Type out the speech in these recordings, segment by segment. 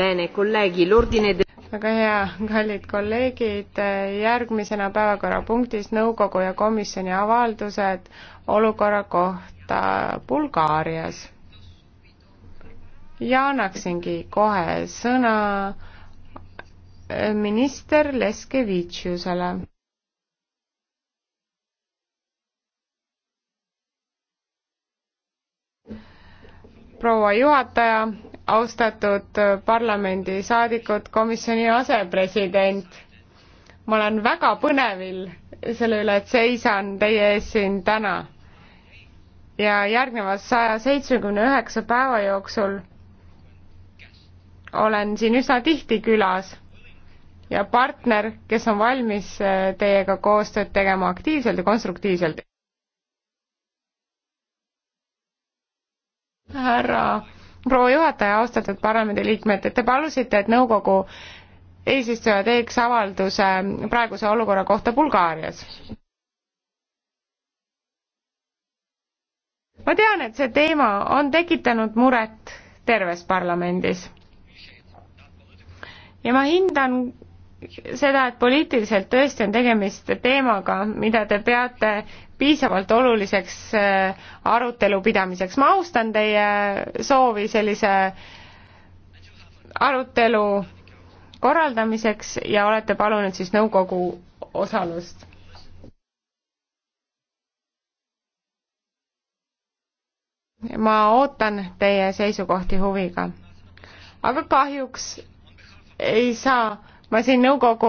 Bene, colleghi, l'ordine de... väga hea, kallid kolleegid, järgmisena päevakorrapunktis nõukogu ja komisjoni avaldused olukorra kohta Bulgaarias. ja annaksingi kohe sõna eh, minister Leskevitšusele. proua juhataja, austatud äh, parlamendisaadikud, komisjoni asepresident. ma olen väga põnevil selle üle, et seisan teie ees siin täna. ja järgnevas saja seitsmekümne üheksa päeva jooksul olen siin üsna tihti külas ja partner, kes on valmis äh, teiega koostööd tegema aktiivselt ja konstruktiivselt. härra proua juhataja, austatud parlamendiliikmed, te palusite, et nõukogu eesistuja teeks avalduse praeguse olukorra kohta Bulgaarias. ma tean, et see teema on tekitanud muret terves parlamendis. ja ma hindan seda, et poliitiliselt tõesti on tegemist teemaga, mida te peate piisavalt oluliseks äh, arutelu pidamiseks. ma austan teie soovi sellise arutelu korraldamiseks ja olete palunud siis nõukogu osalust. ma ootan teie seisukohti huviga. aga kahjuks ei saa ma siin nõukogu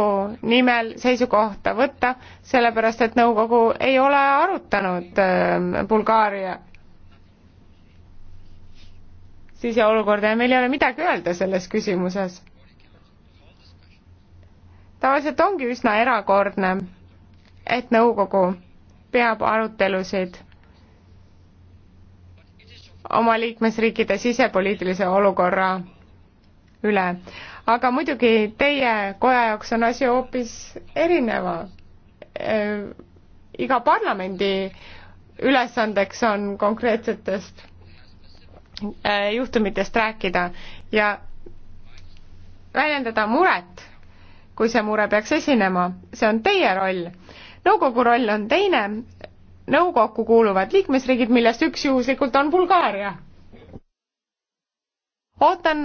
nimel seisukohta võtta, sellepärast et nõukogu ei ole arutanud ähm, Bulgaaria siseolukorda ja meil ei ole midagi öelda selles küsimuses. tavaliselt ongi üsna erakordne, et nõukogu peab arutelusid oma liikmesriikide sisepoliitilise olukorra üle aga muidugi teie koja jaoks on asi hoopis erineva äh,. iga parlamendi ülesandeks on konkreetsetest äh, juhtumitest rääkida ja väljendada muret, kui see mure peaks esinema, see on teie roll. nõukogu roll on teine, nõukokku kuuluvad liikmesriigid, millest üks juhuslikult on Bulgaaria ootan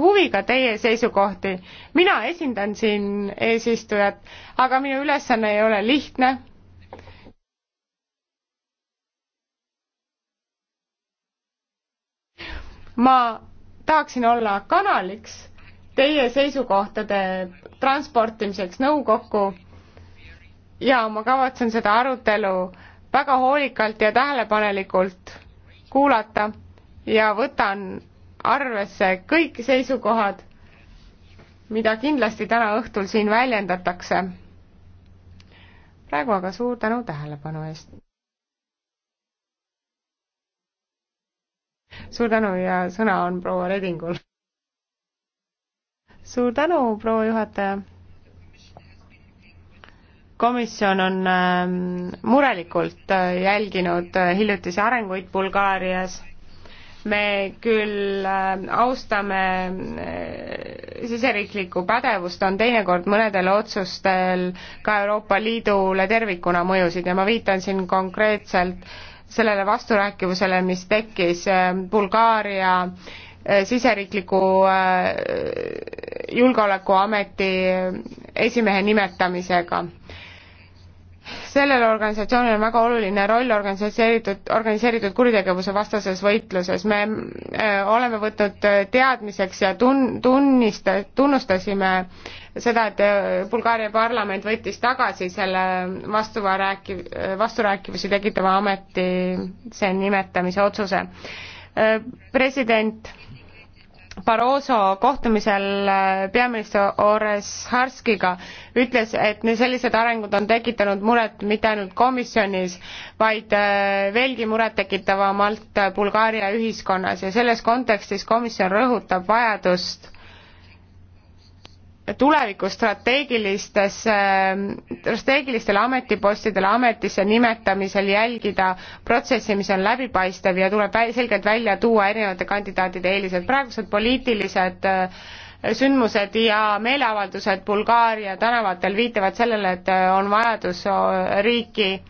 huviga teie seisukohti. mina esindan siin eesistujat, aga minu ülesanne ei ole lihtne. ma tahaksin olla kanaliks teie seisukohtade transportimiseks nõukokku ja ma kavatsen seda arutelu väga hoolikalt ja tähelepanelikult kuulata ja võtan arvesse kõik seisukohad, mida kindlasti täna õhtul siin väljendatakse. praegu aga suur tänu tähelepanu eest. suur tänu ja sõna on proua Redingul. suur tänu, proua juhataja komisjon on ähm, murelikult äh, jälginud äh, hiljutisi arenguid Bulgaarias me küll äh, austame äh, siseriiklikku pädevust, on teinekord mõnedel otsustel ka Euroopa Liidule tervikuna mõjusid ja ma viitan siin konkreetselt sellele vasturääkivusele, mis tekkis äh, Bulgaaria siseriikliku julgeolekuameti esimehe nimetamisega sellel organisatsioonil on väga oluline roll organiseeritud, organiseeritud kuritegevuse vastases võitluses. me äh, oleme võtnud äh, teadmiseks ja tun-, tunnista-, tunnustasime seda, et äh, Bulgaaria parlament võttis tagasi selle vastuvärääki-, vasturääkivusi tekitava ametisse nimetamise otsuse. president Barroso kohtumisel äh, peaminister Ores Harskiga ütles, et sellised arengud on tekitanud muret mitte ainult komisjonis, vaid äh, veelgi murettekitavamalt Bulgaaria ühiskonnas ja selles kontekstis komisjon rõhutab vajadust tulevikus strateegilistesse, strateegilistele ametipostidele ametisse nimetamisel jälgida protsessi, mis on läbipaistev ja tuleb selgelt välja tuua erinevate kandidaatide eelised. praegused poliitilised äh, sündmused ja meeleavaldused Bulgaaria tänavatel viitavad sellele, et äh, on vajadus äh, riiki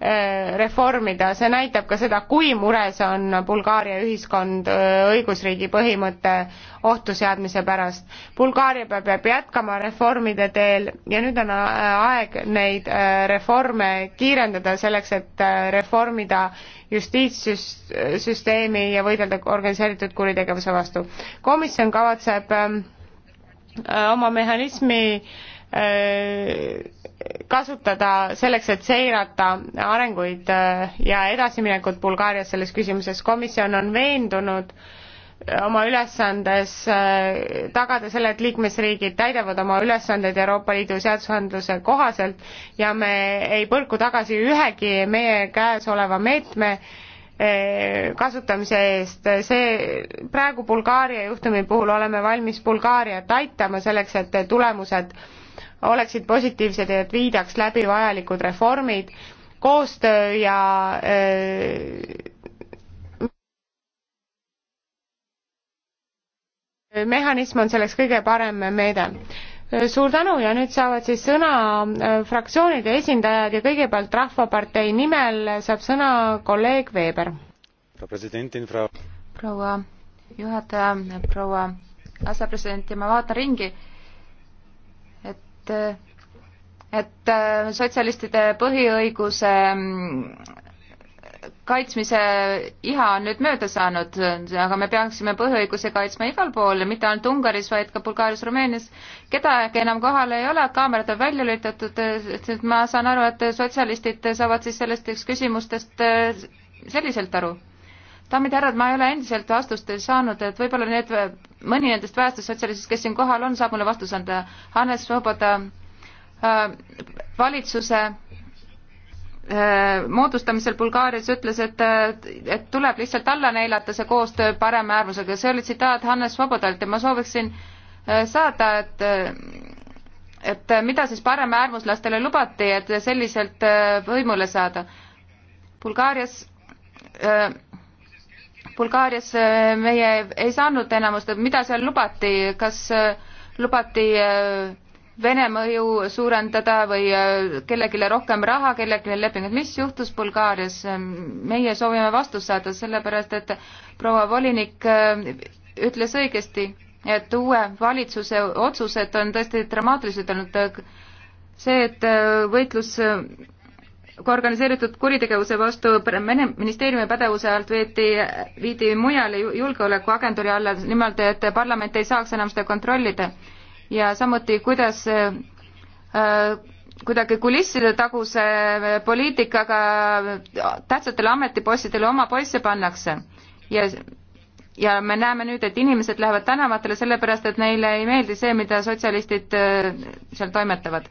Äh, reformida, see näitab ka seda, kui mures on Bulgaaria ühiskond äh, õigusriigi põhimõtte ohtu seadmise pärast. Bulgaaria peab jätkama reformide teel ja nüüd on äh, aeg neid reforme kiirendada selleks, et reformida justiitssüsteemi ja võidelda organiseeritud kuritegevuse vastu. komisjon kavatseb ähm, oma mehhanismi kasutada selleks, et seirata arenguid äh, ja edasiminekut Bulgaarias selles küsimuses. komisjon on veendunud äh, oma ülesandes äh, tagada selle, et liikmesriigid täidavad oma ülesandeid Euroopa Liidu seadusandluse kohaselt ja me ei põrku tagasi ühegi meie käes oleva meetme kasutamise eest. see, praegu Bulgaaria juhtumi puhul oleme valmis Bulgaariat aitama selleks, et tulemused äh, oleksid positiivsed ja et viidaks läbi vajalikud reformid, koostöö ja öö, äh, mehhanism on selleks kõige parem meede suur tänu ja nüüd saavad siis sõna äh, fraktsioonide esindajad ja kõigepealt Rahvapartei nimel saab sõna kolleeg Veeber. proua juhataja, proua asepresident ja ma vaatan ringi et, et äh, sotsialistide põhiõiguse mm, kaitsmise iha on nüüd mööda saanud, aga me peaksime põhiõiguse kaitsma igal pool, mitte ainult Ungaris, vaid ka Bulgaarias, Rumeenias. kedagi enam kohal ei ole, kaamerad on välja lülitatud, et ma saan aru, et sotsialistid saavad siis sellest üks küsimustest äh, selliselt aru daamid ja härrad, ma ei ole endiselt vastust saanud, et võib-olla need, mõni nendest väestest sotsialistidest, kes siin kohal on, saab mulle vastuse anda. Hannes Svoboda äh, valitsuse äh, moodustamisel Bulgaarias ütles, et, äh, et tuleb lihtsalt alla neelata see koostöö parema äärmusega, see oli tsitaat Hannes Svobodalt ja ma sooviksin äh, saada, et äh, et mida siis paremäärmuslastele lubati, et selliselt äh, võimule saada. Bulgaarias äh, Bulgaarias äh, meie ei saanud enamust, mida seal lubati, kas äh, lubati äh, Vene mõju suurendada või kellelegi rohkem raha, kellelegi lepingut, mis juhtus Bulgaarias? meie soovime vastust saada, sellepärast et proua volinik ütles õigesti, et uue valitsuse otsused on tõesti dramaatilised olnud. see, et võitlus ka organiseeritud kuritegevuse vastu ministeeriumi pädevuse alt veeti, viidi mujale julgeolekuagentuuri alla, nimelt et parlament ei saaks enam seda kontrollida. ja samuti, kuidas äh, kuidagi kulisside taguse poliitikaga tähtsatele ametipostidele oma poisse pannakse. ja, ja me näeme nüüd, et inimesed lähevad tänavatele sellepärast, et neile ei meeldi see, mida sotsialistid äh, seal toimetavad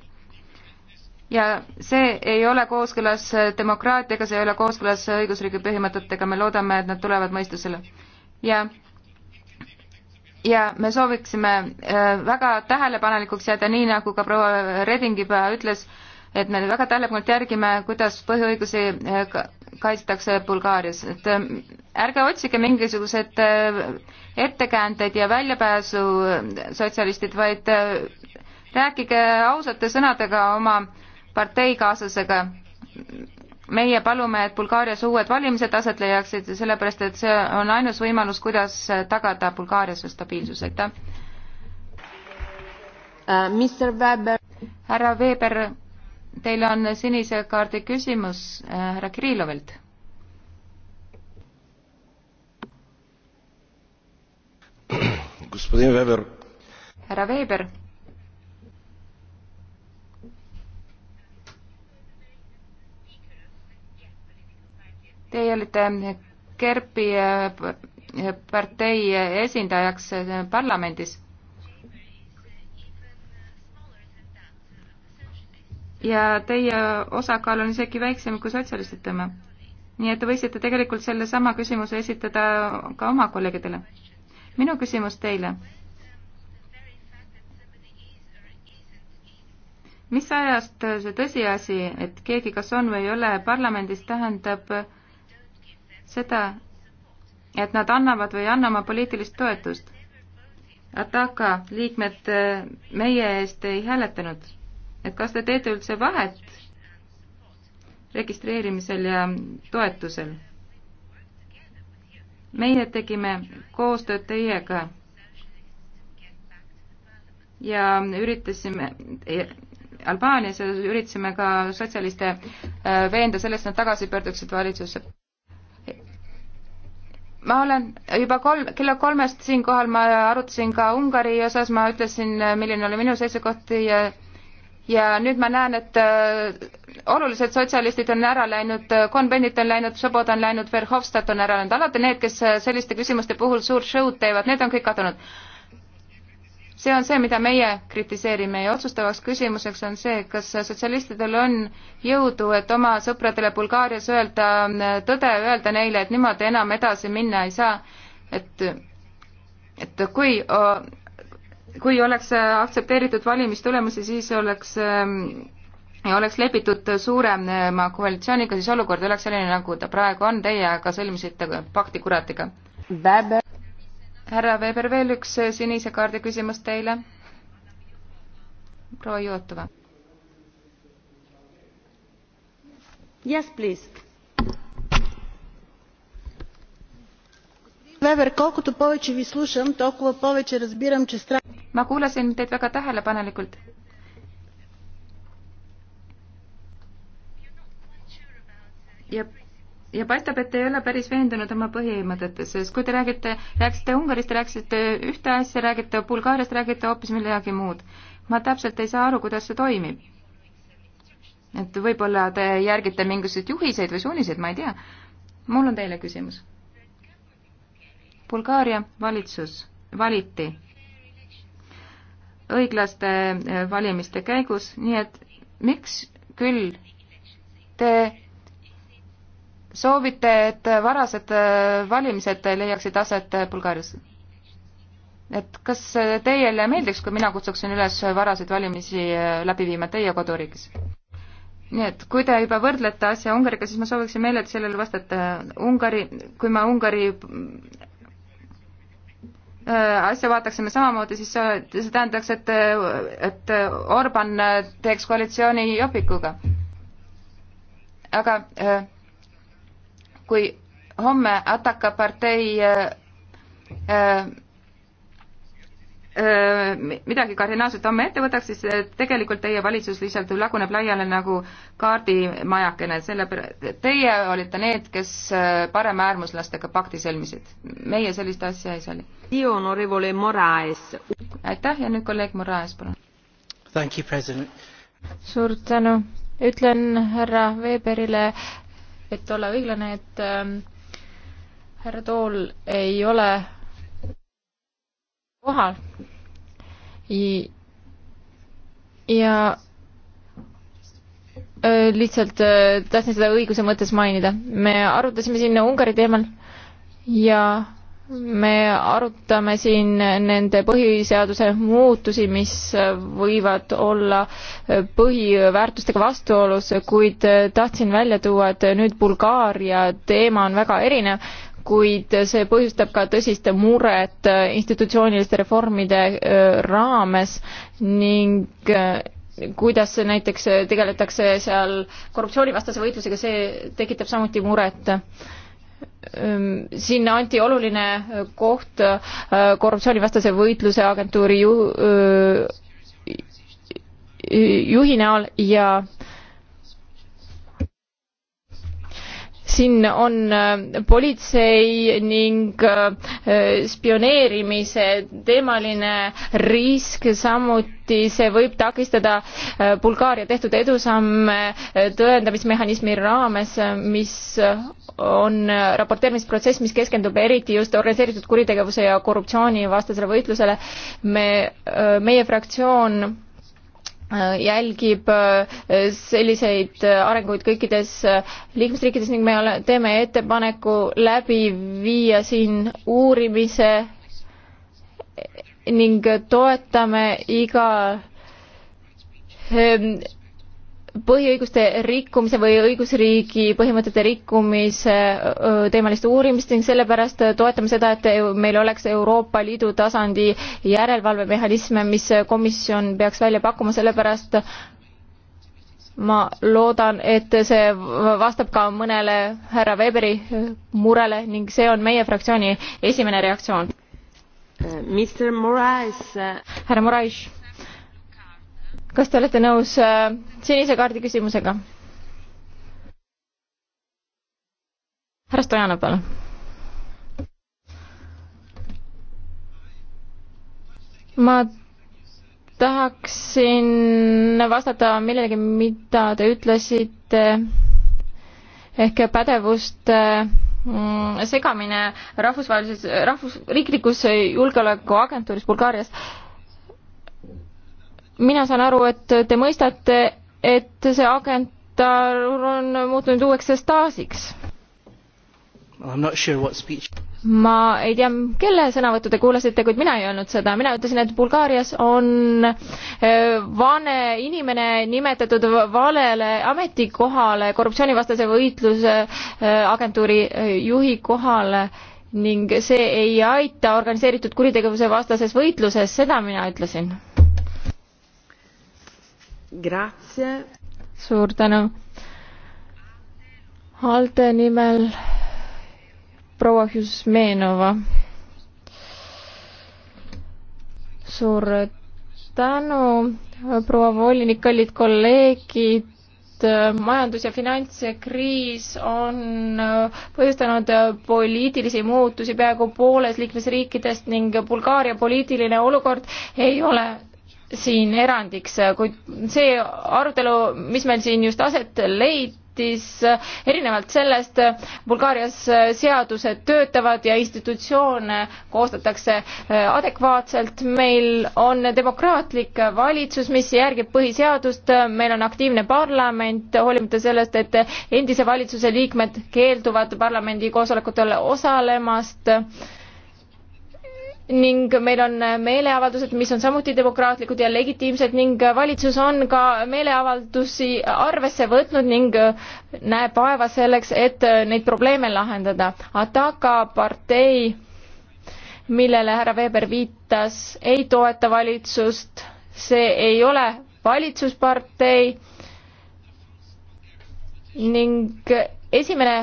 ja see ei ole kooskõlas demokraatiaga, see ei ole kooskõlas õigusriigi põhimõtetega, me loodame, et nad tulevad mõistusele. ja ja me sooviksime äh, väga tähelepanelikuks jääda, nii nagu ka proua Reding juba ütles, et me väga tähelepanelikult järgime, kuidas põhiõigusi äh, kaitstakse Bulgaarias, et ähm, ärge otsige mingisuguseid äh, ettekäändeid ja väljapääsu sotsialistid, vaid rääkige ausate sõnadega oma äh, parteikaaslasega. meie palume, et Bulgaarias uued valimised aset leiaksid, sellepärast et see on ainus võimalus, kuidas tagada Bulgaarias stabiilsus, aitäh uh,. Äh, Mr Weber. härra Weber, teil on sinise kaardi küsimus äh, härra Kirillovilt härra Weber. Teie olite Kerpi eh, partei esindajaks eh, parlamendis. ja teie osakaal on isegi väiksem kui sotsialistid oma. nii et te võiksite tegelikult sellesama küsimuse esitada ka oma kolleegidele. minu küsimus teile. mis ajast see tõsiasi, et keegi kas on või ei ole parlamendis, tähendab äh, seda, et nad annavad või ei anna oma poliitilist toetust. Ataka liikmed äh, meie eest ei hääletanud. et kas te teete üldse vahet registreerimisel ja toetusel? meie tegime koostööd teiega ja üritasime, Albaanias üritasime ka sotsialiste äh, veenda selles, et nad tagasi pöörduksid valitsusse ma olen juba kolm, kella kolmest siinkohal, ma arutasin ka Ungari osas, ma ütlesin, milline oli minu seisukoht ja ja nüüd ma näen, et äh, olulised sotsialistid on ära läinud, Cohn-Bennett on läinud, Šobod on läinud, Verhofstadt on ära läinud, alati need, kes selliste küsimuste puhul suurt show'd teevad, need on kõik kadunud see on see, mida meie kritiseerime ja otsustavaks küsimuseks on see, kas sotsialistidel on jõudu, et oma sõpradele Bulgaarias öelda tõde, öelda neile, et niimoodi enam edasi minna ei saa, et, et kui kui oleks aktsepteeritud valimistulemusi, siis oleks ja oleks lepitud suurema koalitsiooniga, siis olukord oleks selline, nagu ta praegu on, teie aga sõlmisite pakti kuratiga härra Veber, veel üks äh, sinise kaardi küsimus teile. proua Jootova. Yes, please. Вебер, колкото повече ви слушам, толкова повече разбирам, че страх... Ma kuulasin teid väga tähelepanelikult. Ja ja paistab, et te ei ole päris veendunud oma põhimõtetes, sest kui te räägite, rääkisite Ungarist, rääkisite ühte asja, räägite Bulgaariast, räägite hoopis midagi muud. ma täpselt ei saa aru, kuidas see toimib. et võib-olla te järgite mingisuguseid juhiseid või suuniseid, ma ei tea. mul on teile küsimus. Bulgaaria valitsus valiti õiglaste eh, valimiste käigus, nii et miks küll te soovite, et varased äh, valimised leiaksid aset äh, Bulgaarias? et kas teile meeldiks, kui mina kutsuksin üles varaseid valimisi äh, läbi viima teie koduriigis? nii et kui te juba võrdlete asja Ungariga, siis ma sooviksin meeleldi sellele vastata. Ungari, kui me Ungari asja vaataksime samamoodi, siis see, see tähendaks, et, et Orban teeks koalitsiooni Jopikuga. aga äh, kui homme Ataka partei äh, äh, äh midagi kardinaalset homme ette võtaks, siis äh, tegelikult teie valitsus lihtsalt laguneb laiali nagu kaardimajakene, selle pär-, teie olite need, kes äh, paremäärmuslastega pakti sõlmisid. meie sellist asja ei salli. aitäh ja nüüd kolleeg Moraes, palun. suur tänu. ütlen härra Weberile, et olla õiglane, et ähm, härra Tool ei ole kohal. ja äh, lihtsalt äh, tahtsin seda õiguse mõttes mainida. me arutasime siin Ungari teemal ja me arutame siin nende põhiseaduse muutusi, mis võivad olla põhiväärtustega vastuolus, kuid tahtsin välja tuua, et nüüd Bulgaaria teema on väga erinev, kuid see põhjustab ka tõsist muret institutsiooniliste reformide äh, raames ning äh, kuidas näiteks tegeletakse seal korruptsioonivastase võitlusega, see tekitab samuti muret Ehm, sinna anti oluline koht äh, korruptsioonivastase võitluse agentuuri ju, äh, juhi näol ja siin on äh, politsei ning äh, spioneerimise teemaline risk, samuti see võib takistada äh, Bulgaaria tehtud edusamme tõendamismehhanismi raames, mis on raporteerimisprotsess, mis keskendub eriti just organiseeritud kuritegevuse ja korruptsioonivastasele võitlusele. me, meie fraktsioon Äh, jälgib äh, selliseid äh, arenguid kõikides liikmesriikides ning me ole, teeme ettepaneku läbi viia siin uurimise ning toetame iga ähm, põhiõiguste rikkumise või õigusriigi põhimõtete rikkumise teemalist uurimist ning sellepärast toetame seda, et meil oleks Euroopa Liidu tasandi järelevalvemehhanisme, mis komisjon peaks välja pakkuma, sellepärast ma loodan, et see vastab ka mõnele härra Weberi murele ning see on meie fraktsiooni esimene reaktsioon. Äh, härra Morais kas te olete nõus äh, sinise kaardi küsimusega? härra Stojanov, palun. ma tahaksin vastata millelegi, mida te ütlesite ehk pädevuste äh, segamine rahvusvahelises, rahvus, riiklikus julgeolekuagentuuris Bulgaarias mina saan aru, et te mõistate, et see agentar on muutunud uueks staažiks well,. Sure ma ei tea, kelle sõnavõttu te kuulasite, kuid mina ei öelnud seda, mina ütlesin, et Bulgaarias on äh, vane inimene nimetatud valele ametikohale, korruptsioonivastase võitluse äh, agentuuri äh, juhi kohale ning see ei aita organiseeritud kuritegevuse vastases võitluses, seda mina ütlesin suur tänu. Alde nimel proua Hjusmenova. suur tänu, proua volinik, kallid kolleegid majandus- ja finantskriis on põhjustanud poliitilisi muutusi peaaegu pooles liikmesriikidest ning Bulgaaria poliitiline olukord ei ole siin erandiks, kuid see arutelu, mis meil siin just aset leidis, erinevalt sellest Bulgaarias seadused töötavad ja institutsioone koostatakse äh, adekvaatselt, meil on demokraatlik valitsus, mis järgib põhiseadust, meil on aktiivne parlament, hoolimata sellest, et endise valitsuse liikmed keelduvad parlamendi koosolekutel osalemast ning meil on meeleavaldused, mis on samuti demokraatlikud ja legitiimsed ning valitsus on ka meeleavaldusi arvesse võtnud ning näeb vaeva selleks, et neid probleeme lahendada. Ataka partei, millele härra Weber viitas, ei toeta valitsust, see ei ole valitsuspartei ning esimene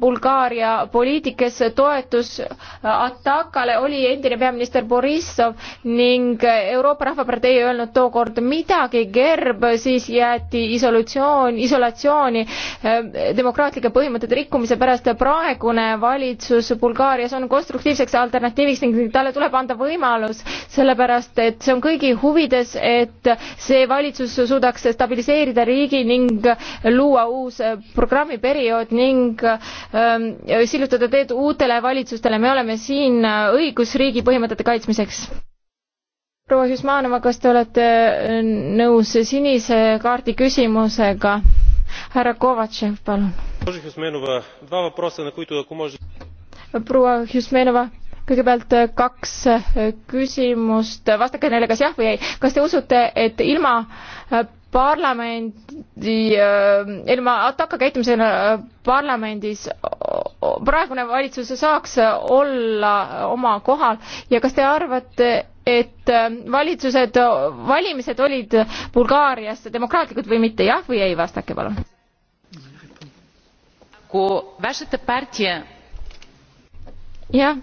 Bulgaaria poliitik, kes toetus äh, Atakale, oli endine peaminister Borissov ning Euroopa Rahvapartei ei öelnud tookord midagi, Gerb siis jäeti isolatsioon, isolatsiooni äh, demokraatlike põhimõtete rikkumise pärast. praegune valitsus Bulgaarias on konstruktiivseks alternatiiviks ning talle tuleb anda võimalus, sellepärast et see on kõigi huvides, et see valitsus suudaks stabiliseerida riigi ning luua uus programmiperiood ning Ähm, sillutada teed uutele valitsustele, me oleme siin äh, õigusriigi põhimõtete kaitsmiseks. proua Hüsmanova, kas te olete äh, nõus sinise kaardi küsimusega? härra Kovatšev, palun. proua Hüsmenova, kõigepealt äh, kaks küsimust, vastake neile kas jah või ei. kas te usute, et ilma parlamendi äh,, ilma ataka käitumisena äh, parlamendis praegune valitsus saaks olla oma kohal ja kas te arvate, et äh, valitsused, valimised olid Bulgaarias demokraatlikud või mitte, jah või ei, vastake palun. jah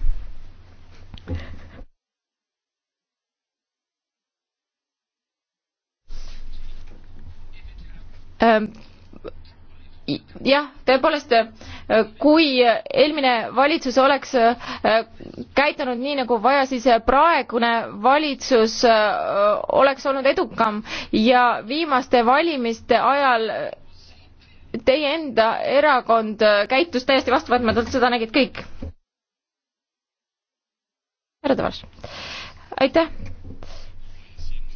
Ähm, jah, tõepoolest, äh, kui eelmine valitsus oleks äh, käitunud nii, nagu vaja, siis praegune valitsus äh, oleks olnud edukam ja viimaste valimiste ajal teie enda erakond käitus täiesti vastuvõtmatult, seda nägid kõik. härra Tavars, aitäh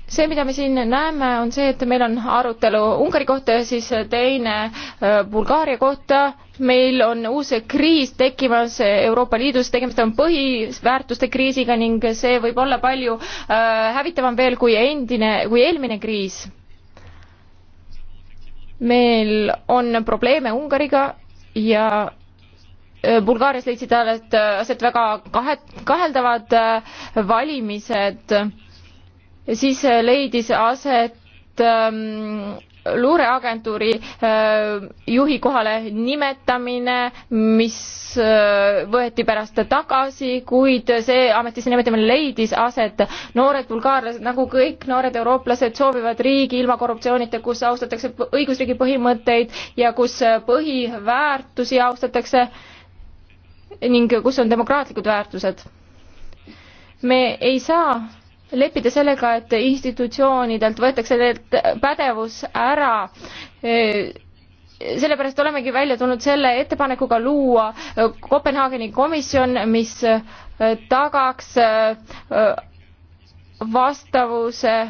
see, mida me siin näeme, on see, et meil on arutelu Ungari kohta ja siis teine äh, Bulgaaria kohta. meil on uus kriis tekkimas Euroopa Liidus, tegemist on põhiväärtuste kriisiga ning see võib olla palju äh, hävitavam veel kui endine, kui eelmine kriis. meil on probleeme Ungariga ja äh, Bulgaarias leidsid aset väga kahe, kaheldavad valimised siis äh, leidis aset ähm, luureagentuuri äh, juhi kohale nimetamine, mis äh, võeti pärast tagasi, kuid see ametisse nimetamine leidis aset. noored bulgaarlased, nagu kõik noored eurooplased, soovivad riigi ilma korruptsioonita, kus austatakse õigusriigi põhimõtteid ja kus põhiväärtusi austatakse ning kus on demokraatlikud väärtused. me ei saa leppida sellega, et institutsioonidelt võetakse pädevus ära. sellepärast olemegi välja tulnud selle ettepanekuga luua Kopenhaageni komisjon, mis tagaks vastavuse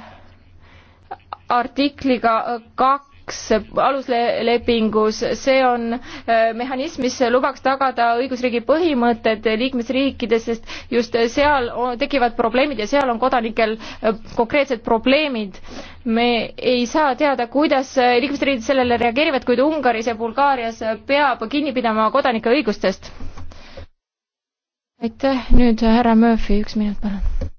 artikliga kaks kaks aluslepingus, see on äh, mehhanism, mis lubaks tagada õigusriigi põhimõtted liikmesriikides, sest just seal tekivad probleemid ja seal on kodanikel äh, konkreetsed probleemid. me ei saa teada, kuidas liikmesriigid sellele reageerivad, kuid Ungaris ja Bulgaarias peab kinni pidama kodanike õigustest. aitäh, nüüd härra Murphy, üks minut palun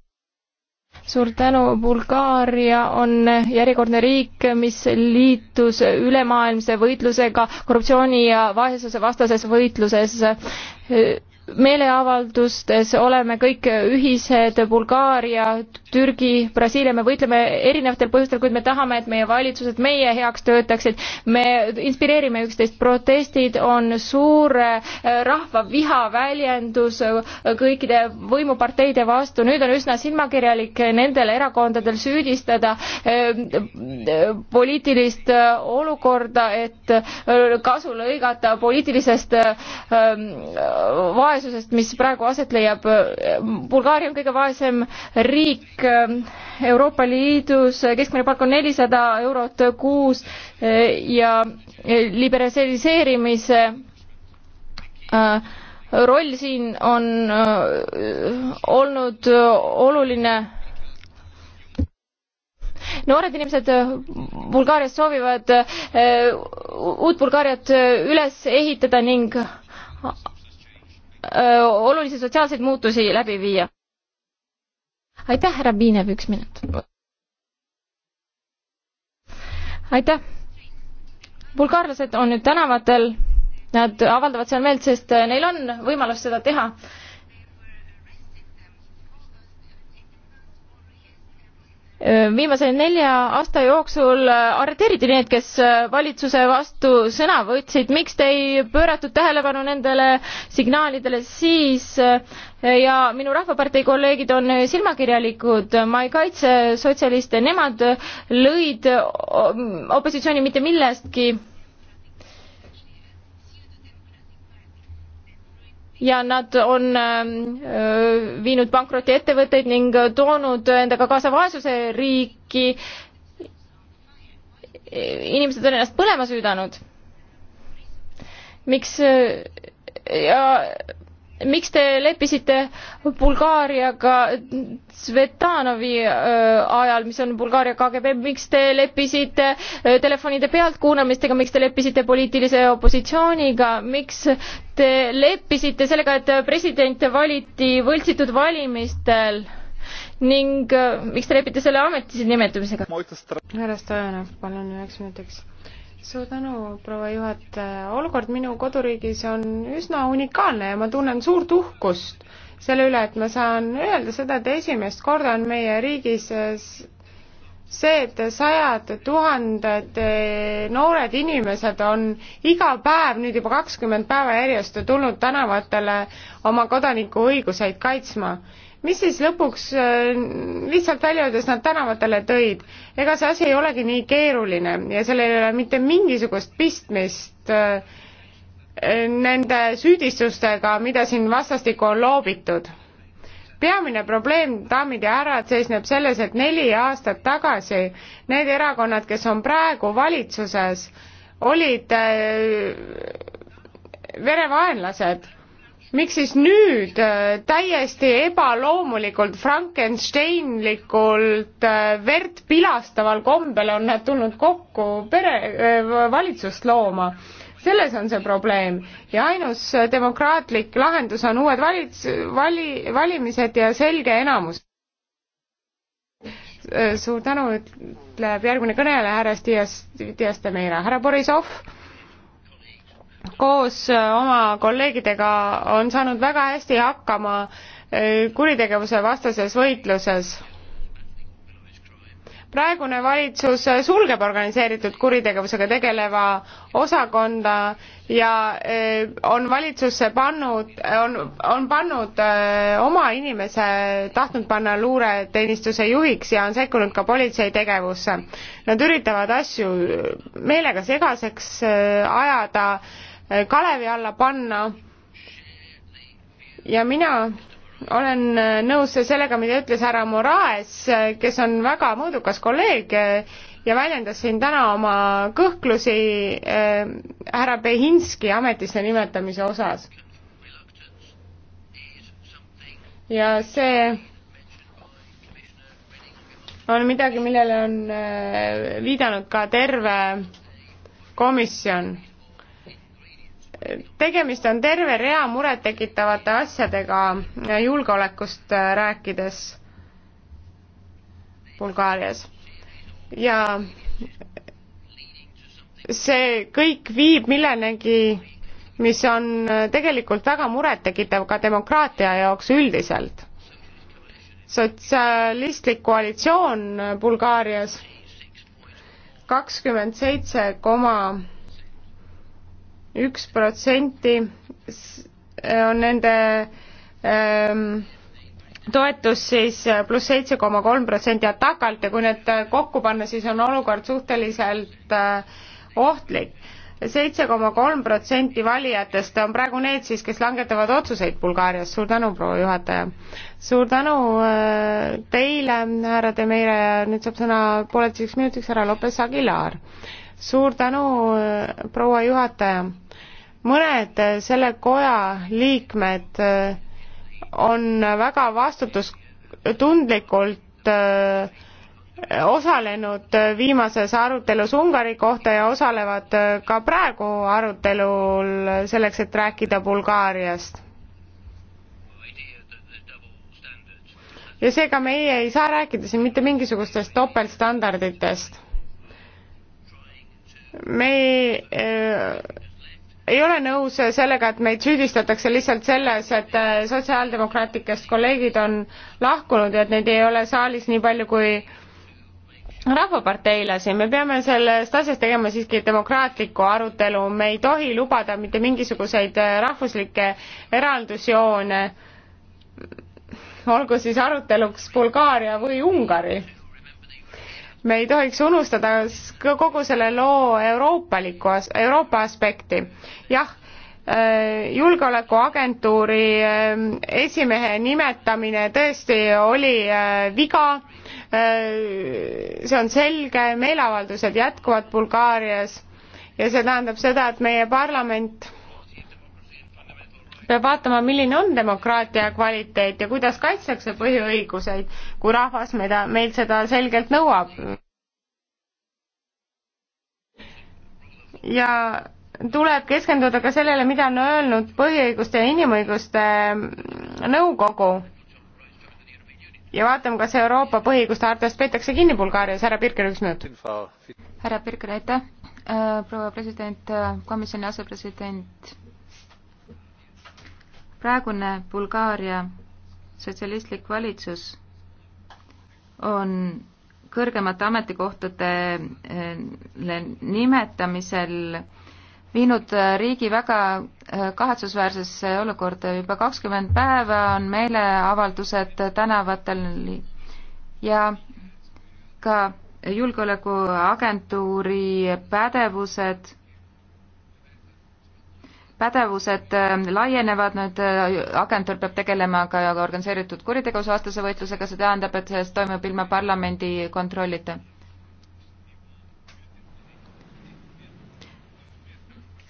suur tänu, Bulgaaria on järjekordne riik, mis liitus ülemaailmse võitlusega korruptsiooni ja vaesuse vastases võitluses meeleavaldustes oleme kõik ühised Bulgaaria, Türgi, Brasiilia, me võitleme erinevatel põhjustel, kuid me tahame, et meie valitsused meie heaks töötaksid. me inspireerime üksteist, protestid on suur eh, rahvaviha väljendus eh, kõikide võimuparteide vastu. nüüd on üsna silmakirjalik nendel erakondadel süüdistada eh, poliitilist olukorda, et kasu lõigata poliitilisest vaesusest vaesusest, mis praegu aset leiab. Bulgaaria on kõige vaesem riik Euroopa Liidus, keskmine palk on nelisada eurot kuus ja liberaliseerimise äh, roll siin on äh, olnud oluline noored inimesed Bulgaarias soovivad äh, uut Bulgaariat üles ehitada ning olulisi sotsiaalseid muutusi läbi viia. aitäh, härra Piinev, üks minut. aitäh. bulgaarlased on nüüd tänavatel, nad avaldavad seal meelt, sest neil on võimalus seda teha viimase nelja aasta jooksul äh, arreteeriti need, kes äh, valitsuse vastu sõna võtsid, miks te ei pööratud tähelepanu nendele signaalidele siis äh, ja minu Rahvapartei kolleegid on silmakirjalikud, ma ei kaitse sotsialiste, nemad lõid opositsiooni mitte millestki ja nad on äh, viinud pankrotti ettevõtteid ning toonud endaga kaasa vaesuse riiki. inimesed on ennast põlema süüdanud. miks äh, ja miks te leppisite Bulgaariaga Svetanovi äh, ajal, mis on Bulgaaria KGB, miks te leppisite äh, telefonide pealtkuulamistega, miks te leppisite poliitilise opositsiooniga, miks te leppisite sellega, et president valiti võltsitud valimistel? ning äh, miks te lepite selle ametisse nimetamisega? härra Stojanov, palun üheks minutiks suur tänu, proua juhataja. olukord minu koduriigis on üsna unikaalne ja ma tunnen suurt uhkust selle üle, et ma saan öelda seda, et esimest korda on meie riigis äh, see, et sajad tuhanded äh, noored inimesed on iga päev, nüüd juba kakskümmend päeva järjest tulnud tänavatele oma kodanikuõiguseid kaitsma mis siis lõpuks äh, lihtsalt välja öeldes nad tänavatele tõid, ega see asi ei olegi nii keeruline ja sellel ei ole mitte mingisugust pistmist äh, nende süüdistustega, mida siin vastastikku on loobitud. peamine probleem, daamid ja härrad, seisneb selles, et neli aastat tagasi need erakonnad, kes on praegu valitsuses, olid äh, verevaenlased miks siis nüüd äh, täiesti ebaloomulikult, Frankensteinlikult, äh, verd pilastaval kombel on nad tulnud kokku pere, äh, valitsust looma? selles on see probleem ja ainus demokraatlik lahendus on uued valits-, vali-, valimised ja selge enamus. suur tänu, ütleb järgmine kõneleja, härra Stias-, Stias-, härra Borisov koos äh, oma kolleegidega on saanud väga hästi hakkama äh, kuritegevuse vastases võitluses. praegune valitsus äh, sulgeb organiseeritud kuritegevusega tegeleva osakonda ja on valitsusse pannud, on, on pannud oma inimese, tahtnud panna luureteenistuse juhiks ja on sekkunud ka politsei tegevusse. Nad üritavad asju meelega segaseks ajada kalevi alla panna. ja mina olen nõus sellega, mida ütles härra Moraes, kes on väga mõõdukas kolleeg ja väljendas siin täna oma kõhklusi eh, härra Behinski ametisse nimetamise osas. ja see on midagi, millele on eh, viidanud ka terve komisjon tegemist on terve rea murettekitavate asjadega äh, julgeolekust äh, rääkides Bulgaarias. ja see kõik viib millenegi, mis on äh, tegelikult väga murettekitav ka demokraatia jaoks üldiselt. sotsialistlik koalitsioon Bulgaarias kakskümmend seitse koma üks protsenti on nende ähm, toetus siis äh, pluss seitse koma kolm protsenti Atakalt ja kui need äh, kokku panna, siis on olukord suhteliselt äh, ohtlik. seitse koma kolm protsenti valijatest on praegu need siis, kes langetavad otsuseid Bulgaarias, suur tänu, proua juhataja. suur tänu teile, härra Demeire, nüüd saab sõna pooleteiseks minutiks härra Lopez Aguilar suur tänu, äh, proua juhataja. mõned äh, selle koja liikmed äh, on väga vastutustundlikult osalenud viimases arutelus Ungari kohta ja osalevad ka praegu arutelul selleks, et rääkida Bulgaariast. ja seega meie ei saa rääkida siin mitte mingisugustest topeltstandarditest me öö, äh, ei ole nõus sellega, et meid süüdistatakse lihtsalt selles, et äh, sotsiaaldemokraatlikest kolleegid on lahkunud ja et neid ei ole saalis nii palju kui rahvaparteilasi, me peame sellest asjast tegema siiski demokraatlikku arutelu, me ei tohi lubada mitte mingisuguseid äh, rahvuslikke eraldusjoone, olgu siis aruteluks Bulgaaria või Ungari me ei tohiks unustada kogu selle loo euroopaliku, Euroopa aspekti. jah, äh, julgeolekuagentuuri äh, esimehe nimetamine tõesti oli äh, viga, see on selge, meeleavaldused jätkuvad Bulgaarias ja see tähendab seda, et meie parlament peab vaatama, milline on demokraatia kvaliteet ja kuidas kaitstakse põhiõiguseid, kui rahvas meida, meilt seda selgelt nõuab. ja tuleb keskenduda ka sellele, mida on öelnud põhiõiguste ja inimõiguste nõukogu. ja vaatame, kas Euroopa põhiõiguste hartast peetakse kinni Bulgaarias, härra Birker, üks minut. härra Birker, aitäh, äh, proua president, äh, komisjoni asepresident praegune Bulgaaria sotsialistlik valitsus on kõrgemate ametikohtadele nimetamisel viinud riigi väga äh, kahetsusväärsesse olukorda. juba kakskümmend päeva on meeleavaldused tänavatel ja ka julgeolekuagentuuri pädevused pädevused äh, laienevad, nüüd äh, agentuur peab tegelema ka organiseeritud kuritegevuse vastase võitlusega, see tähendab, et see toimub ilma parlamendi kontrollita.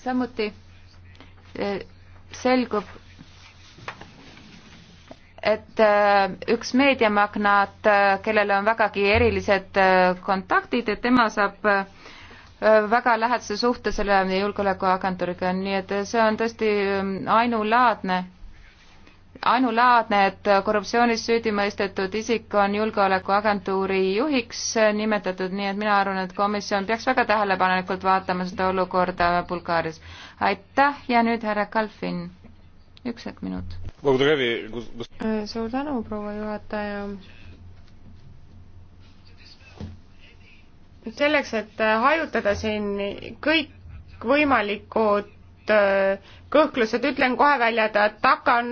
samuti äh, selgub, et üks meediamagnaat, kellel on vägagi erilised kontaktid, et tema saab Äh, väga lähedase suhte selle julgeolekuagentuuriga, nii et see on tõesti ähm, ainulaadne, ainulaadne, et korruptsioonis süüdi mõistetud isik on julgeolekuagentuuri juhiks nimetatud, nii et mina arvan, et komisjon peaks väga tähelepanelikult vaatama seda olukorda Bulgaarias. aitäh ja nüüd härra Kalfin, üks hetk minut. Э, suur tänu, proua juhataja selleks, et äh, hajutada siin kõikvõimalikud äh, kõhklused, ütlen kohe välja, et TAK on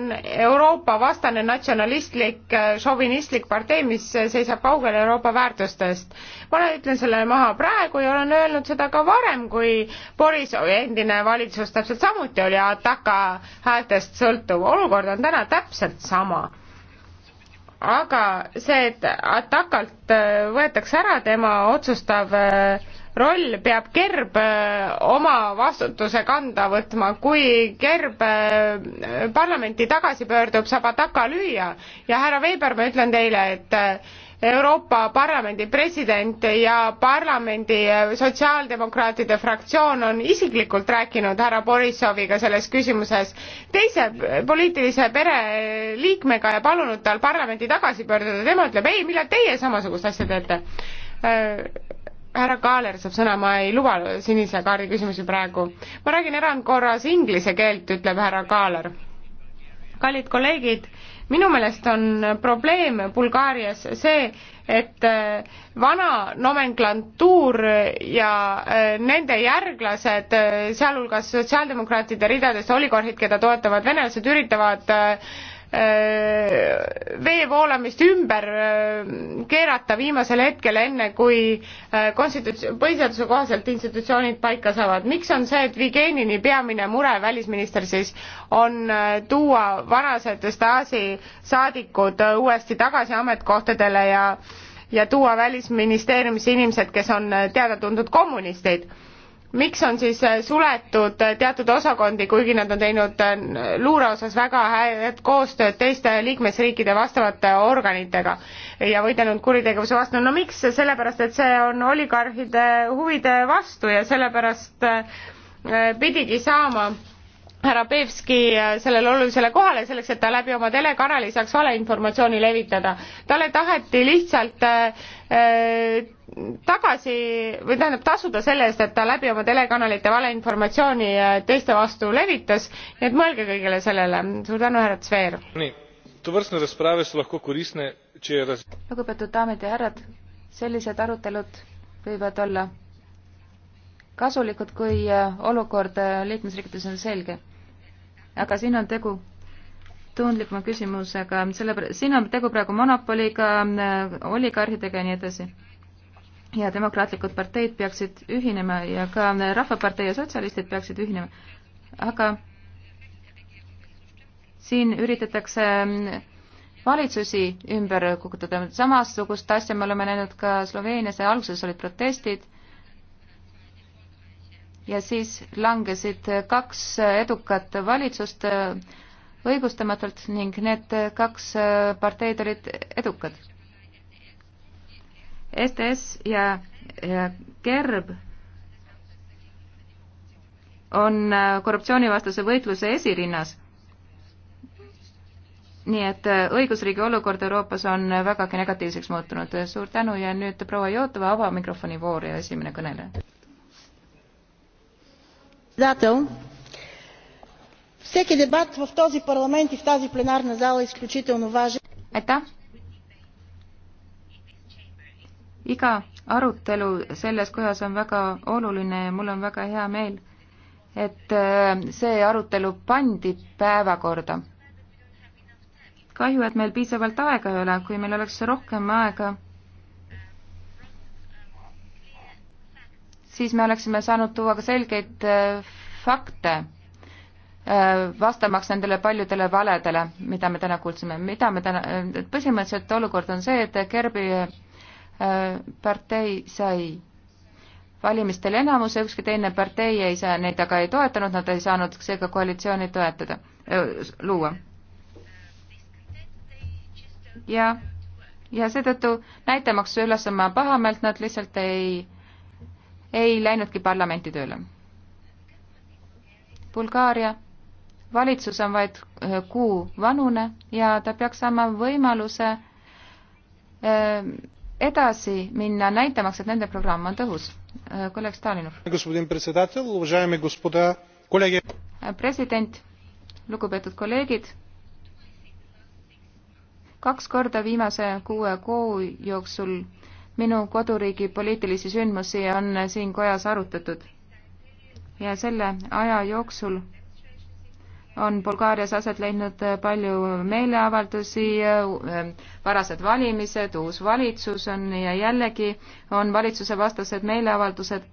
Euroopa vastane natsionalistlik äh, šovinistlik partei, mis seisab kaugel Euroopa väärtustest. ma ütlen selle maha praegu ja olen öelnud seda ka varem, kui Borisovi endine valitsus täpselt samuti oli TAK-a häältest sõltuv. olukord on täna täpselt sama aga see, et Atakalt äh, võetakse ära tema otsustav äh, roll, peab Kerb äh, oma vastutuse kanda võtma, kui Kerb parlamenti tagasi pöördub, saab Ataka lüüa ja härra Veiber, ma ütlen teile, et Euroopa Parlamendi president ja parlamendi sotsiaaldemokraatide fraktsioon on isiklikult rääkinud härra Borissoviga selles küsimuses teise poliitilise pere liikmega ja palunud tal parlamendi tagasi pöörduda, tema ütleb ei, millal teie samasugust asja teete? Äh, härra Kaaler saab sõna, ma ei luba sinise kaardi küsimusi praegu. ma räägin erandkorras inglise keelt, ütleb härra Kaaler. kallid kolleegid minu meelest on probleem Bulgaarias see, et eh, vana nomenklantuur ja eh, nende järglased, eh, sealhulgas sotsiaaldemokraatide ridades oligarhid, keda toetavad venelased, üritavad Äh, vee voolamist ümber äh, keerata viimasel hetkel, enne kui äh, konstituts-, põhiseaduse kohaselt institutsioonid paika saavad. miks on see, et Vigenini peamine mure, välisminister siis, on tuua vanased Stasi saadikud uuesti tagasi ametkohtadele ja ja tuua välisministeeriumisse inimesed, kes on teada-tuntud kommunistid miks on siis äh, suletud äh, teatud osakondi, kuigi nad on teinud äh, luure osas väga head koostööd teiste liikmesriikide vastavate organitega ja võidelnud kuritegevuse vastu. no miks, sellepärast et see on oligarhide huvide vastu ja sellepärast pidigi saama härra Peevski sellele olulisele kohale, selleks et ta läbi oma telekanali saaks valeinformatsiooni levitada. talle taheti lihtsalt äh, tagasi või tähendab tasuda selle eest, et ta läbi oma telekanalite valeinformatsiooni äh, teiste vastu levitas, nii et mõelge kõigele sellele. suur tänu, härra Zver. nii, tovrstne rasprave so lahko koristne, če je raz-. lugupeetud daamid ja härrad, sellised arutelud võivad olla kasulikud, kui äh, olukord äh, liikmesriikides on selge. aga siin on tegu tundlikuma küsimusega, selle, siin on tegu praegu monopoliga, oligarhidega ja nii edasi ja demokraatlikud parteid peaksid ühinema ja ka Rahvapartei ja sotsialistid peaksid ühinema. aga siin üritatakse valitsusi ümber kukutada, samasugust asja me oleme näinud ka Sloveenias ja alguses olid protestid ja siis langesid kaks edukat valitsust õigustamatult ning need kaks parteid olid edukad STS ja, ja GERB on äh, korruptsioonivastase võitluse esirinnas. nii et äh, õigusriigi olukord Euroopas on äh, vägagi negatiivseks muutunud. suur tänu ja nüüd proua Jootova ava mikrofoni voor ja esimene kõneleja. aitäh, iga arutelu selles kojas on väga oluline ja mul on väga hea meel, et äh, see arutelu pandi päevakorda. kahju, et meil piisavalt aega ei ole, kui meil oleks rohkem aega, siis me oleksime saanud tuua ka selgeid äh, fakte, äh, vastamaks nendele paljudele valedele, mida me täna kuulsime, mida me täna, põhimõtteliselt olukord on see, et Kerbi Äh, partei sai valimistel enamuse, ükski teine partei ei saa, neid aga ei toetanud, nad ei saanud seega koalitsiooni toetada, äh, luua. ja, ja seetõttu näitamaks üles oma pahameelt, nad lihtsalt ei, ei läinudki parlamenti tööle. Bulgaaria valitsus on vaid äh, kuu vanune ja ta peaks saama võimaluse öö, edasi minna, näitamaks, et nende programm on tõhus. kolleeg Stalinov. president, lugupeetud kolleegid, kaks korda viimase kuue kuu jooksul minu koduriigi poliitilisi sündmusi on siin kojas arutatud ja selle aja jooksul on Bulgaarias aset leidnud eh, palju meeleavaldusi, eh, eh, varased valimised, uus valitsus on ja jällegi on valitsuse vastased meeleavaldused.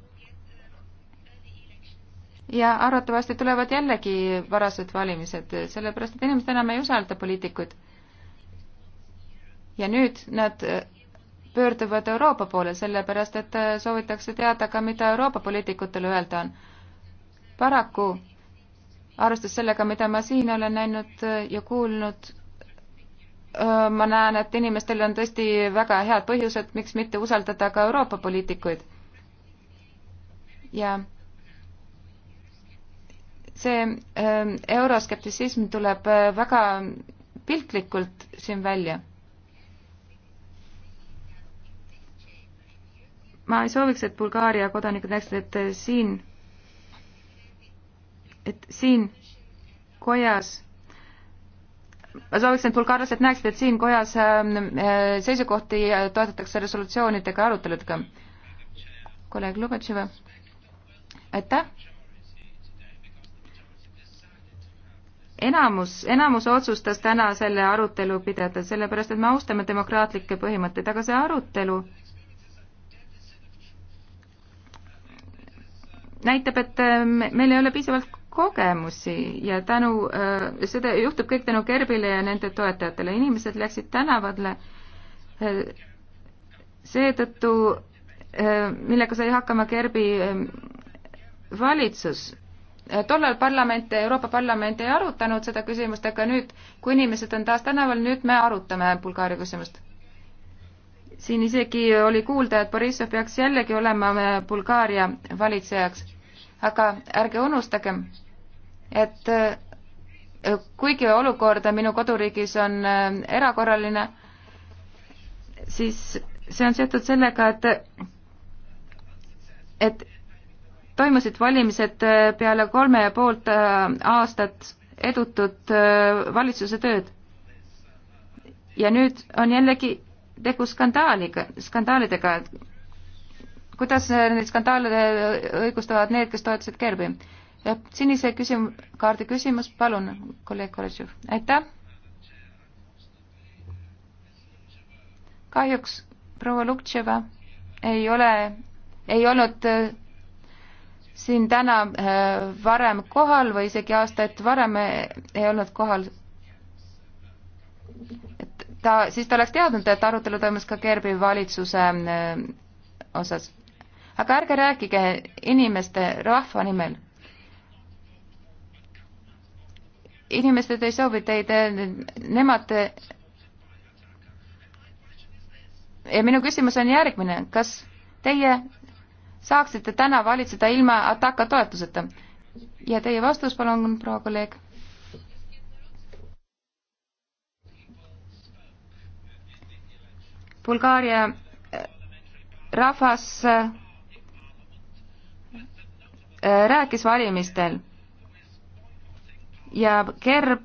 ja arvatavasti tulevad jällegi varased valimised, sellepärast et inimesed enam ei usalda poliitikuid. ja nüüd nad pöörduvad Euroopa poole, sellepärast et soovitakse teada ka, mida Euroopa poliitikutele öelda on. paraku arvestades sellega, mida ma siin olen näinud äh, ja kuulnud, äh, ma näen, et inimestel on tõesti väga head põhjused, miks mitte usaldada ka Euroopa poliitikuid. ja see ähm, euroskeptisism tuleb äh, väga piltlikult siin välja. ma ei sooviks, et Bulgaaria kodanikud näeksid, et siin et siin kojas ma sooviksin, et bulgaarlased näeksid, et siin kojas ähm, äh, seisukohti toetatakse resolutsioonidega ja aruteludega. kolleeg Lugatševa, aitäh. enamus, enamus otsustas täna selle arutelu pidada, sellepärast et me austame demokraatlikke põhimõtteid, aga see arutelu näitab, et äh, meil ei ole piisavalt kogemusi ja tänu, äh, seda juhtub kõik tänu Kerbile ja nende toetajatele, inimesed läksid tänavale äh, seetõttu, äh, millega sai hakkama Kerbi valitsus. tollal parlament, Euroopa Parlament ei arutanud seda küsimust, aga nüüd, kui inimesed on taas tänaval, nüüd me arutame Bulgaaria küsimust siin isegi oli kuulda, et Borissov peaks jällegi olema Bulgaaria valitsejaks. aga ärge unustagem, et äh, kuigi olukord minu koduriigis on äh, erakorraline, siis see on seotud sellega, et et toimusid valimised äh, peale kolme ja poolt aastat edutut valitsuse tööd. ja nüüd on jällegi tegu skandaaliga, skandaalidega, et kuidas neid skandaale õigustavad need, kes toetasid Kerbi? sinise küsim-, kaardi küsimus, palun, kolleeg Koletšov. aitäh. kahjuks proua Luktševa ei ole, ei olnud äh, siin täna äh, varem kohal või isegi aastaid varem äh, ei olnud kohal. et ta, siis ta oleks teadnud, et arutelu toimus ka Kerbi valitsuse osas. aga ärge rääkige inimeste, rahva nimel inimesed ei soovi teid, nemad ja minu küsimus on järgmine, kas teie saaksite täna valitseda ilma Ataka toetuseta? ja teie vastus, palun, proua kolleeg. Bulgaaria äh, rahvas äh, rääkis valimistel ja Kerb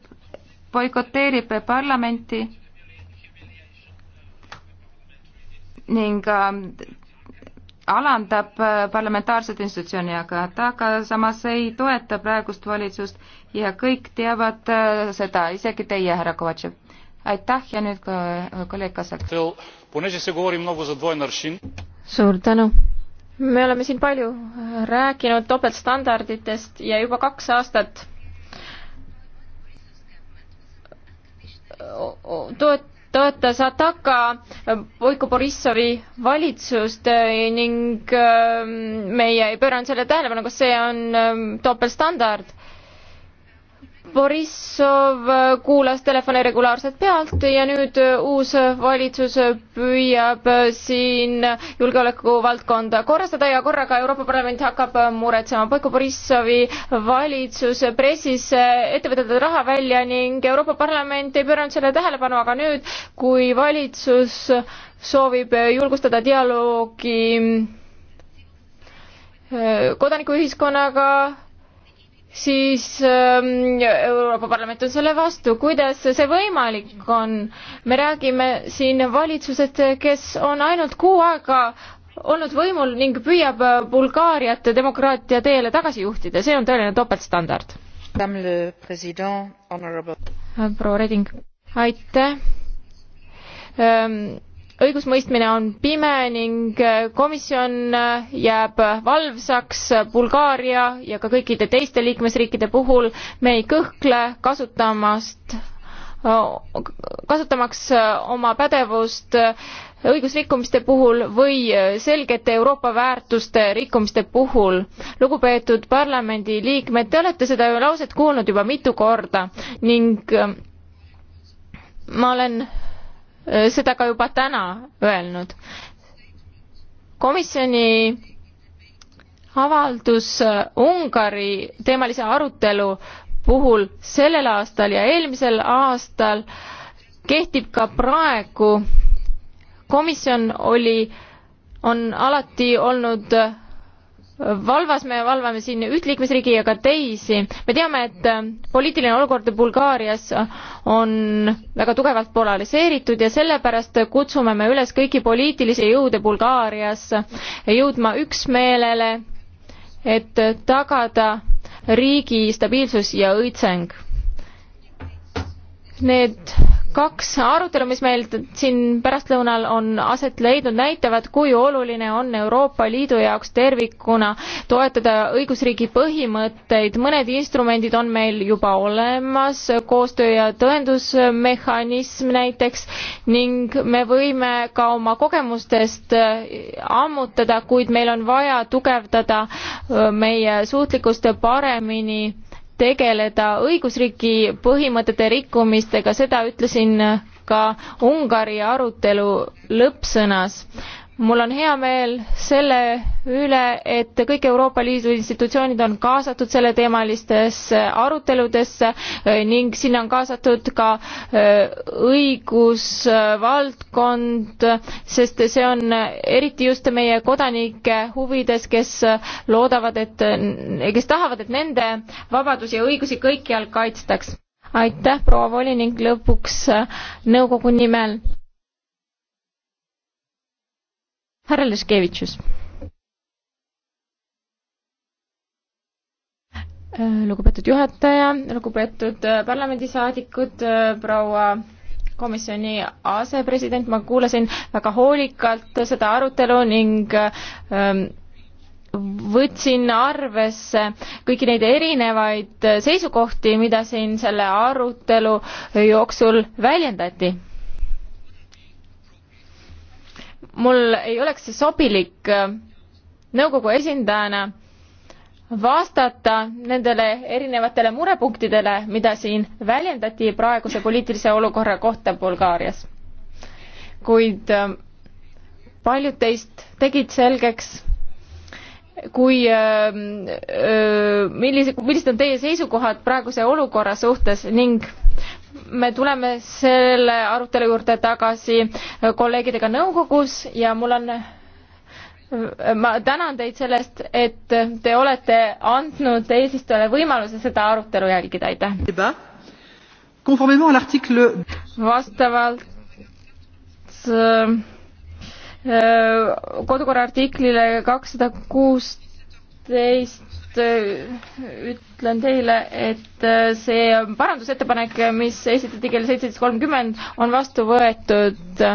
boikoteerib parlamenti ning ähm, alandab äh, parlamentaarset institutsiooni, aga ta ka samas ei toeta praegust valitsust ja kõik teavad äh, seda, isegi teie, härra Kovatšev. aitäh ja nüüd ka äh, kolleeg Kasak. suur tänu. me oleme siin palju rääkinud topeltstandarditest ja juba kaks aastat toet-, toetas Ataka Boiko Borissovi valitsust äh, ning ähm, meie ei pööranud selle tähelepanu, kas see on ähm, topeltstandard? Borissov kuulas telefoni regulaarselt pealt ja nüüd uus valitsus püüab siin julgeolekuvaldkonda korrastada ja korraga Euroopa Parlament hakkab muretsema. Boiko Borissovi valitsus pressis ettevõtete raha välja ning Euroopa Parlament ei pööranud selle tähelepanu, aga nüüd, kui valitsus soovib julgustada dialoogi kodanikuühiskonnaga, siis ähm, Euroopa Parlament on selle vastu. kuidas see võimalik on? me räägime siin valitsusest, kes on ainult kuu aega olnud võimul ning püüab äh, Bulgaariat demokraatia teele tagasi juhtida, see on tõeline topeltstandard. Äh, proua Reding, aitäh ähm, õigusmõistmine on pime ning äh, komisjon äh, jääb valvsaks äh, Bulgaaria ja ka kõikide teiste liikmesriikide puhul. me ei kõhkle kasutamast, kasutamaks oma pädevust õigusrikkumiste puhul või selgete Euroopa väärtuste rikkumiste puhul. lugupeetud parlamendiliikmed, te olete seda lauset kuulnud juba mitu korda ning ma olen Äh, seda ka juba täna öelnud. komisjoni avaldus äh, Ungari teemalise arutelu puhul sellel aastal ja eelmisel aastal kehtib ka praegu. komisjon oli, on alati olnud valvas me valvame siin üht liikmesriigi ja ka teisi. me teame, et äh, poliitiline olukord Bulgaarias on väga tugevalt polariseeritud ja sellepärast kutsume me üles kõiki poliitilisi jõude Bulgaarias jõudma üksmeelele, et tagada riigi stabiilsus ja õitseng. Need kaks arutelu, mis meil siin pärastlõunal on aset leidnud, näitavad, kui oluline on Euroopa Liidu jaoks tervikuna toetada õigusriigi põhimõtteid. mõned instrumendid on meil juba olemas, koostöö- ja tõendusmehhanism näiteks, ning me võime ka oma kogemustest äh, ammutada, kuid meil on vaja tugevdada äh, meie suutlikkust paremini tegeleda õigusriigi põhimõtete rikkumistega, seda ütlesin ka Ungari arutelu lõppsõnas mul on hea meel selle üle, et kõik Euroopa Liidu institutsioonid on kaasatud selleteemalistesse aruteludesse eh, ning sinna on kaasatud ka eh, õigusvaldkond, sest see on eriti just meie kodanike huvides, kes loodavad, et, eh, kes tahavad, et nende vabadusi ja õigusi kõikjal kaitstaks. aitäh, proua volinik, lõpuks nõukogu nimel härra Leskevitšus. Äh, lugupeetud juhataja, lugupeetud äh, parlamendisaadikud, äh, proua komisjoni asepresident, ma kuulasin väga hoolikalt seda arutelu ning ähm, võtsin arvesse kõiki neid erinevaid seisukohti, mida siin selle arutelu jooksul väljendati mul ei oleks sobilik äh, nõukogu esindajana vastata nendele erinevatele murepunktidele, mida siin väljendati praeguse poliitilise olukorra kohta Bulgaarias. kuid äh, paljud teist tegid selgeks, kui, äh, millise, millised on teie seisukohad praeguse olukorra suhtes ning me tuleme selle arutelu juurde tagasi kolleegidega nõukogus ja mul on ma tänan teid selle eest, et te olete andnud eesistujale võimaluse seda arutelu jälgida, aitäh. vastavalt äh, äh, kodukorra artiklile kakssada kuusteist Äh, ütlen teile, et äh, see parandusettepanek, mis esitati kell seitseteist kolmkümmend, on vastu võetud